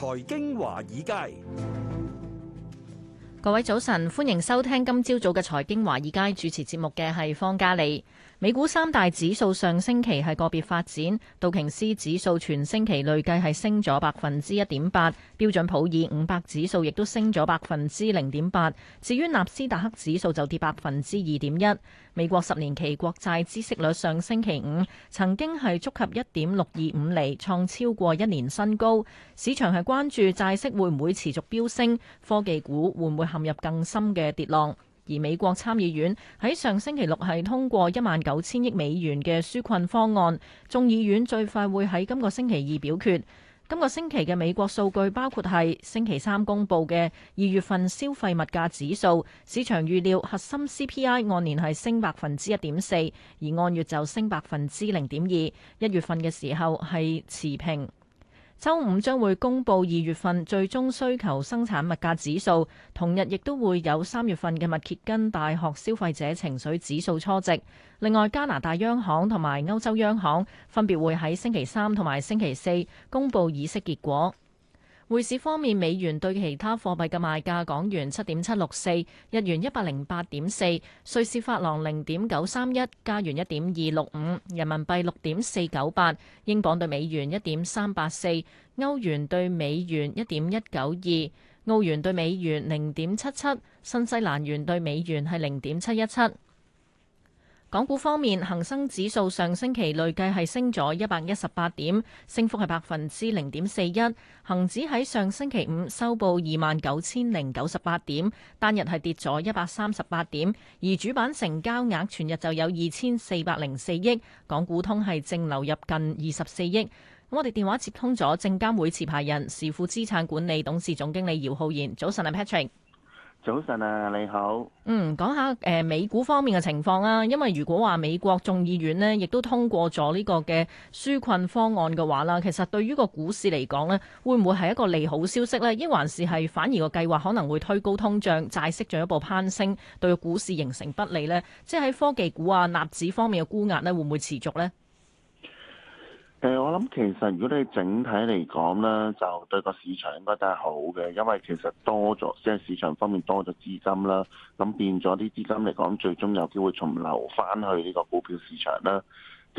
財經華爾街，各位早晨，歡迎收聽今朝早嘅財經華爾街，主持節目嘅係方嘉莉。美股三大指數上星期係個別發展，道瓊斯指數全星期累計係升咗百分之一點八，標準普爾五百指數亦都升咗百分之零點八，至於納斯達克指數就跌百分之二點一。美國十年期國債孳息率上星期五曾經係觸及一點六二五釐，創超過一年新高。市場係關注債息會唔會持續飆升，科技股會唔會陷入更深嘅跌浪。而美國參議院喺上星期六係通過一萬九千億美元嘅紓困方案，眾議院最快會喺今個星期二表決。今個星期嘅美國數據包括係星期三公佈嘅二月份消費物價指數，市場預料核心 CPI 按年係升百分之一點四，而按月就升百分之零點二，一月份嘅時候係持平。周五將會公佈二月份最終需求生產物價指數，同日亦都會有三月份嘅密歇根大學消費者情緒指數初值。另外，加拿大央行同埋歐洲央行分別會喺星期三同埋星期四公佈議息結果。匯市方面，美元對其他貨幣嘅賣價：港元七點七六四，日元一百零八點四，瑞士法郎零點九三一，加元一點二六五，人民幣六點四九八，英鎊對美元一點三八四，歐元對美元一點一九二，澳元對美元零點七七，新西蘭元對美元係零點七一七。港股方面，恒生指數上星期累計係升咗一百一十八點，升幅係百分之零點四一。恒指喺上星期五收報二萬九千零九十八點，單日係跌咗一百三十八點，而主板成交額全日就有二千四百零四億，港股通係淨流入近二十四億，咁我哋電話接通咗證監會持牌人時富資產管理董事總經理姚浩然，早晨啊 Patrick。早晨啊，你好。嗯，講下誒、呃、美股方面嘅情況啊，因為如果話美國眾議院呢，亦都通過咗呢個嘅紓困方案嘅話啦，其實對於個股市嚟講呢，會唔會係一個利好消息呢？抑還是係反而個計劃可能會推高通脹、債息進一步攀升，對股市形成不利呢？即係喺科技股啊、納指方面嘅沽壓呢，會唔會持續呢？誒，我諗其實如果你整體嚟講咧，就對個市場應該都係好嘅，因為其實多咗即係市場方面多咗資金啦，咁變咗啲資金嚟講，最終有機會重流翻去呢個股票市場啦。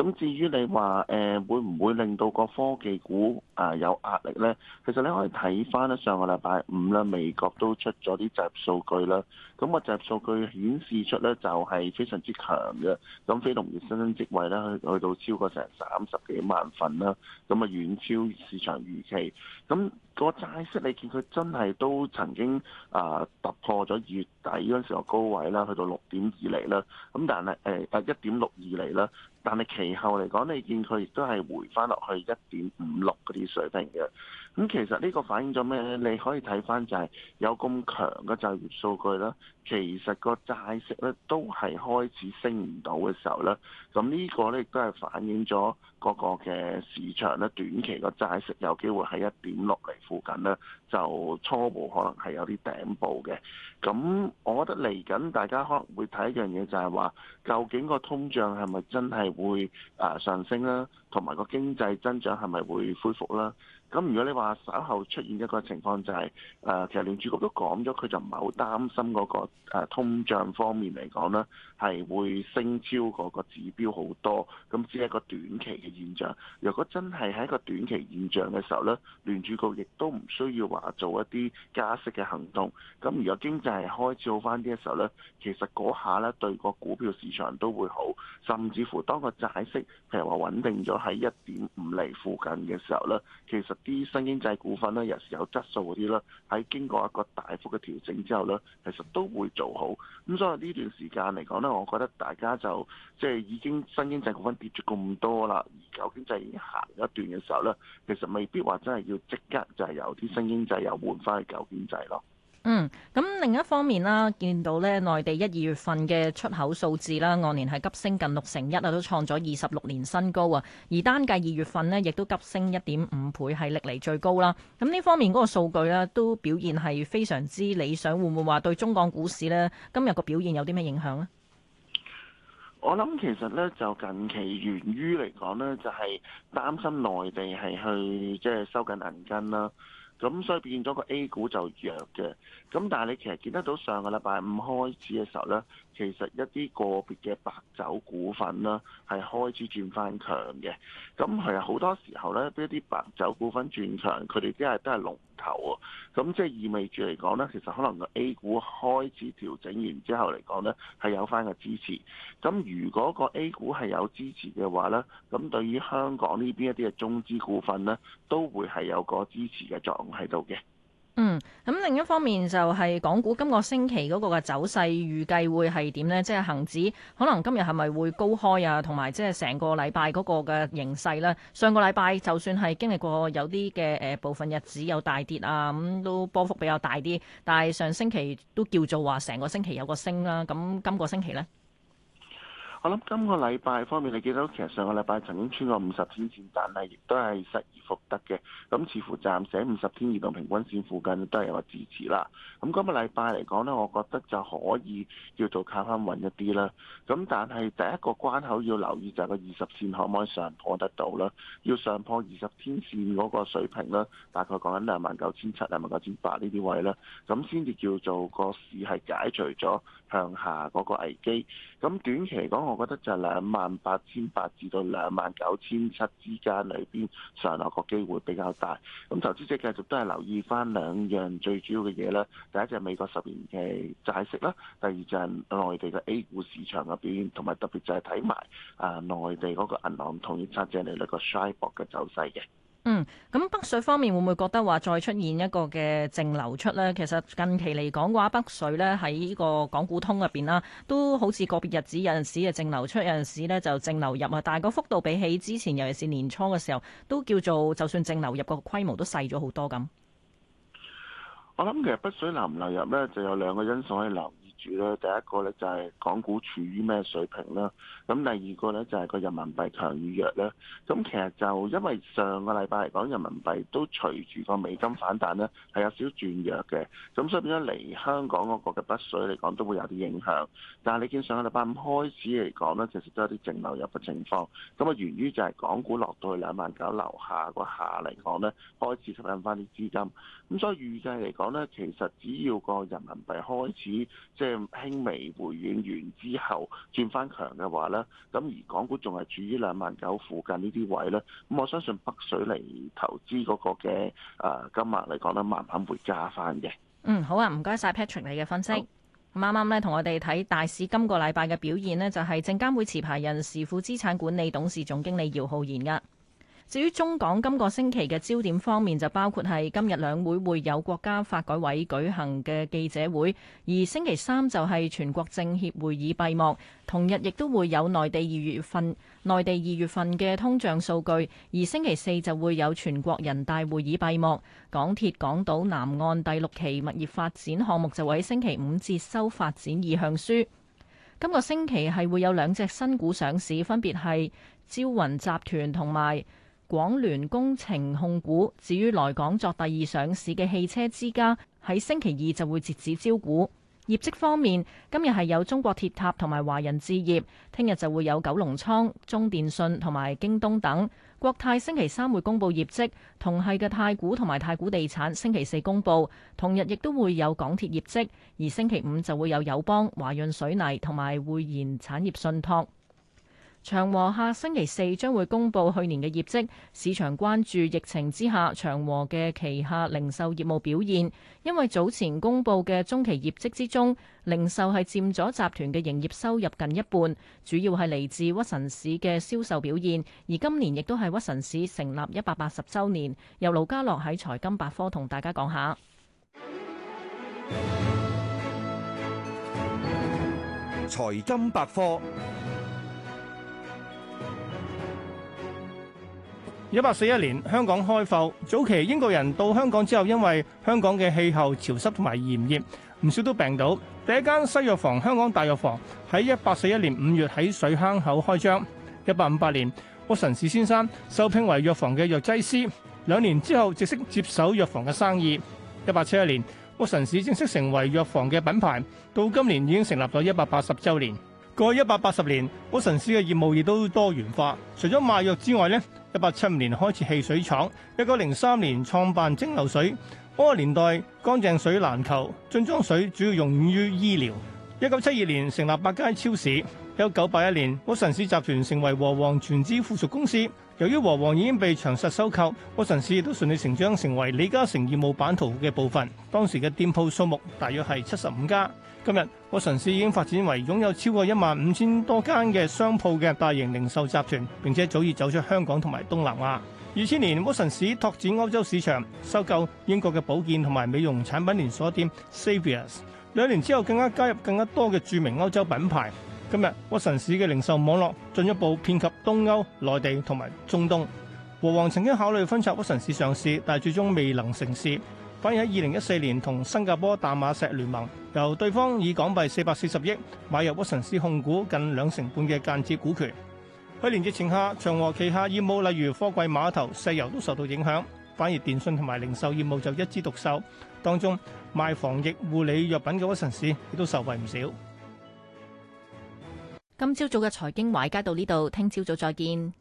咁至於你話誒會唔會令到個科技股啊有壓力呢？其實你可以睇翻咧，上個禮拜五啦，美國都出咗啲集數據啦。咁個集數據顯示出呢，就係非常之強嘅。咁非農嘅新增職位咧，去去到超過成三十幾萬份啦。咁啊遠超市場預期。咁個債息，你見佢真係都曾經啊、呃、突破咗月底嗰陣時候個高位啦，去到六點二厘啦，咁但係但一點六二厘啦，但係、呃、其後嚟講，你見佢亦都係回翻落去一點五六嗰啲水平嘅。咁其實呢個反映咗咩咧？你可以睇返就係有咁強嘅就業數據啦，其實個債息咧都係開始升唔到嘅時候咧，咁呢個呢，亦都係反映咗各個嘅市場呢，短期個債息有機會喺一點六厘附近咧，就初步可能係有啲頂部嘅。咁我覺得嚟緊大家可能會睇一樣嘢，就係話究竟個通脹係咪真係會誒上升啦，同埋個經濟增長係咪會恢復啦？咁如果你話稍後出現一個情況，就係誒，其實聯儲局都講咗，佢就唔係好擔心嗰個通脹方面嚟講呢，係會升超嗰個指標好多。咁只係一個短期嘅現象。若果真係喺一個短期現象嘅時候呢，聯儲局亦都唔需要話做一啲加息嘅行動。咁如果經濟係開始好翻啲嘅時候呢，其實嗰下呢對個股票市場都會好，甚至乎當個債息譬如話穩定咗喺一點五厘附近嘅時候呢，其實。啲新經濟股份呢，有時有質素嗰啲咧，喺經過一個大幅嘅調整之後呢，其實都會做好。咁所以呢段時間嚟講呢，我覺得大家就即係、就是、已經新經濟股份跌咗咁多啦，而舊經濟已經行一段嘅時候呢，其實未必話真係要即刻就係由啲新經濟又換翻去舊經濟咯。嗯，咁另一方面啦，見到咧內地一二月份嘅出口數字啦，按年係急升近六成一啊，都創咗二十六年新高啊。而單計二月份呢，亦都急升一點五倍，係歷嚟最高啦。咁呢方面嗰個數據咧，都表現係非常之理想。會唔會話對中港股市呢，今日個表現有啲咩影響呢？我諗其實咧，就近期源於嚟講呢，就係擔心內地係去即係、就是、收緊銀根啦。咁所以變咗個 A 股就弱嘅，咁但係你其實見得到上個禮拜五開始嘅時候咧。其實一啲個別嘅白酒股份啦，係開始轉翻強嘅。咁係好多時候咧，一啲白酒股份轉強，佢哋即係都係龍頭啊。咁即係意味住嚟講咧，其實可能個 A 股開始調整完之後嚟講咧，係有翻個支持。咁如果個 A 股係有支持嘅話咧，咁對於香港呢邊一啲嘅中資股份咧，都會係有個支持嘅作用喺度嘅。嗯，咁另一方面就係港股今個星期嗰個嘅走勢預計會係點呢？即係恒指可能今日係咪會高開啊？同埋即係成個禮拜嗰個嘅形勢啦。上個禮拜就算係經歷過有啲嘅誒部分日子有大跌啊，咁都波幅比較大啲。但係上星期都叫做話成個星期有個升啦。咁今個星期呢？我諗今個禮拜方面，你記得其實上個禮拜曾經穿過五十天線，但係亦都係失而復得嘅。咁似乎暫時喺五十天移動平均線附近都係有支持啦。咁今個禮拜嚟講呢，我覺得就可以叫做靠翻穩一啲啦。咁但係第一個關口要留意就係個二十線可唔可以上破得到咧？要上破二十天線嗰個水平咧，大概講緊兩萬九千七、兩萬九千八呢啲位咧，咁先至叫做個市係解除咗向下嗰個危機。咁短期嚟講，我覺得就係兩萬八千八至到兩萬九千七之間裏邊上落個機會比較大。咁投資者繼續都係留意翻兩樣最主要嘅嘢啦。第一隻美國十年期債息啦，第二就係內地嘅 A 股市場入面同埋特別就係睇埋啊內地嗰個銀行同業拆借利率個 Shibor 嘅走勢嘅。嗯，咁北水方面會唔會覺得話再出現一個嘅淨流出呢？其實近期嚟講嘅話，北水咧喺呢個港股通入邊啦，都好似個別日子有陣時嘅淨流出，有陣時咧就淨流入啊。但係個幅度比起之前，尤其是年初嘅時候，都叫做就算淨流入個規模都細咗好多咁。我諗其實北水流唔流入呢，就有兩個因素喺度。住咧，第一個咧就係港股處於咩水平啦，咁第二個咧就係個人民幣強與弱咧。咁其實就因為上個禮拜嚟講，人民幣都隨住個美金反彈咧，係有少少轉弱嘅。咁所以變咗嚟香港嗰個嘅北水嚟講，都會有啲影響。但係你見上個禮拜五開始嚟講咧，其實都有啲淨流入嘅情況。咁啊，源於就係港股落到去兩萬九樓下個下嚟講咧，開始吸引翻啲資金。咁所以預計嚟講咧，其實只要個人民幣開始即係輕微回軟完之後轉翻強嘅話呢，咁而港股仲係處於兩萬九附近呢啲位呢，咁我相信北水嚟投資嗰個嘅啊金額嚟講呢，慢慢會加翻嘅。嗯，好啊，唔該晒 Patrick 你嘅分析。啱啱呢，同我哋睇大市今個禮拜嘅表現呢，就係證監會持牌人士、富資產管理董事總經理姚浩然噶。至於中港今個星期嘅焦點方面，就包括係今日兩會會有國家發改委舉行嘅記者會，而星期三就係全國政協會議閉幕，同日亦都會有內地二月份內地二月份嘅通脹數據，而星期四就會有全國人大會議閉幕。港鐵港島南岸第六期物業發展項目就喺星期五接收發展意向書。今個星期係會有兩隻新股上市，分別係招雲集團同埋廣聯工程控股，至於來港作第二上市嘅汽車之家，喺星期二就會截止招股。業績方面，今日係有中國鐵塔同埋華人置業，聽日就會有九龍倉、中電信同埋京東等。國泰星期三會公布業績，同係嘅太古同埋太古地產星期四公布。同日亦都會有港鐵業績，而星期五就會有友邦、華潤水泥同埋匯賢產業信託。長和下星期四將會公布去年嘅業績，市場關注疫情之下長和嘅旗下零售業務表現，因為早前公布嘅中期業績之中，零售係佔咗集團嘅營業收入近一半，主要係嚟自屈臣氏嘅銷售表現，而今年亦都係屈臣氏成立一百八十周年。由盧家樂喺財金百科同大家講下。財金百科。一八四一年香港開埠，早期英國人到香港之後，因為香港嘅氣候潮濕同埋炎熱，唔少都病倒。第一間西藥房香港大藥房喺一八四一年五月喺水坑口開張。一八五八年，屈臣氏先生受聘為藥房嘅藥劑師，兩年之後正式接手藥房嘅生意。一八七一年，屈臣氏正式成為藥房嘅品牌，到今年已經成立咗一百八十週年。過去一百八十年，屈臣氏嘅業務亦都多元化。除咗賣藥之外，咧一八七五年開始汽水廠，一九零三年創辦蒸餾水。嗰個年代乾淨水難求，樽裝水主要用於醫療。一九七二年成立百佳超市。一九八一年，屈臣氏集團成為和黃全資附屬公司。由於和黃已經被長實收購，屈臣氏亦都順理成章成為李嘉誠業務版圖嘅部分。當時嘅店鋪數目大約係七十五家。今日屈臣氏已經發展為擁有超過一萬五千多間嘅商鋪嘅大型零售集團，並且早已走出香港同埋東南亞。二千年，屈臣氏拓展歐洲市場，收購英國嘅保健同埋美容產品連鎖店 Savias。兩年之後，更加加入更加多嘅著名歐洲品牌。今日屈臣氏嘅零售網絡進一步遍及東歐、內地同埋中東。和黃曾經考慮分拆屈臣氏上市，但係最終未能成事。反而喺二零一四年同新加坡淡馬錫聯盟，由對方以港幣四百四十億買入屈臣氏控股近兩成半嘅間接股權。去年疫情下，長和旗下業務例如貨櫃、碼頭、石油都受到影響，反而電信同埋零售業務就一枝獨秀。當中賣防疫護理藥品嘅屈臣氏亦都受惠唔少。今朝早嘅財經華爾街到呢度，聽朝早再見。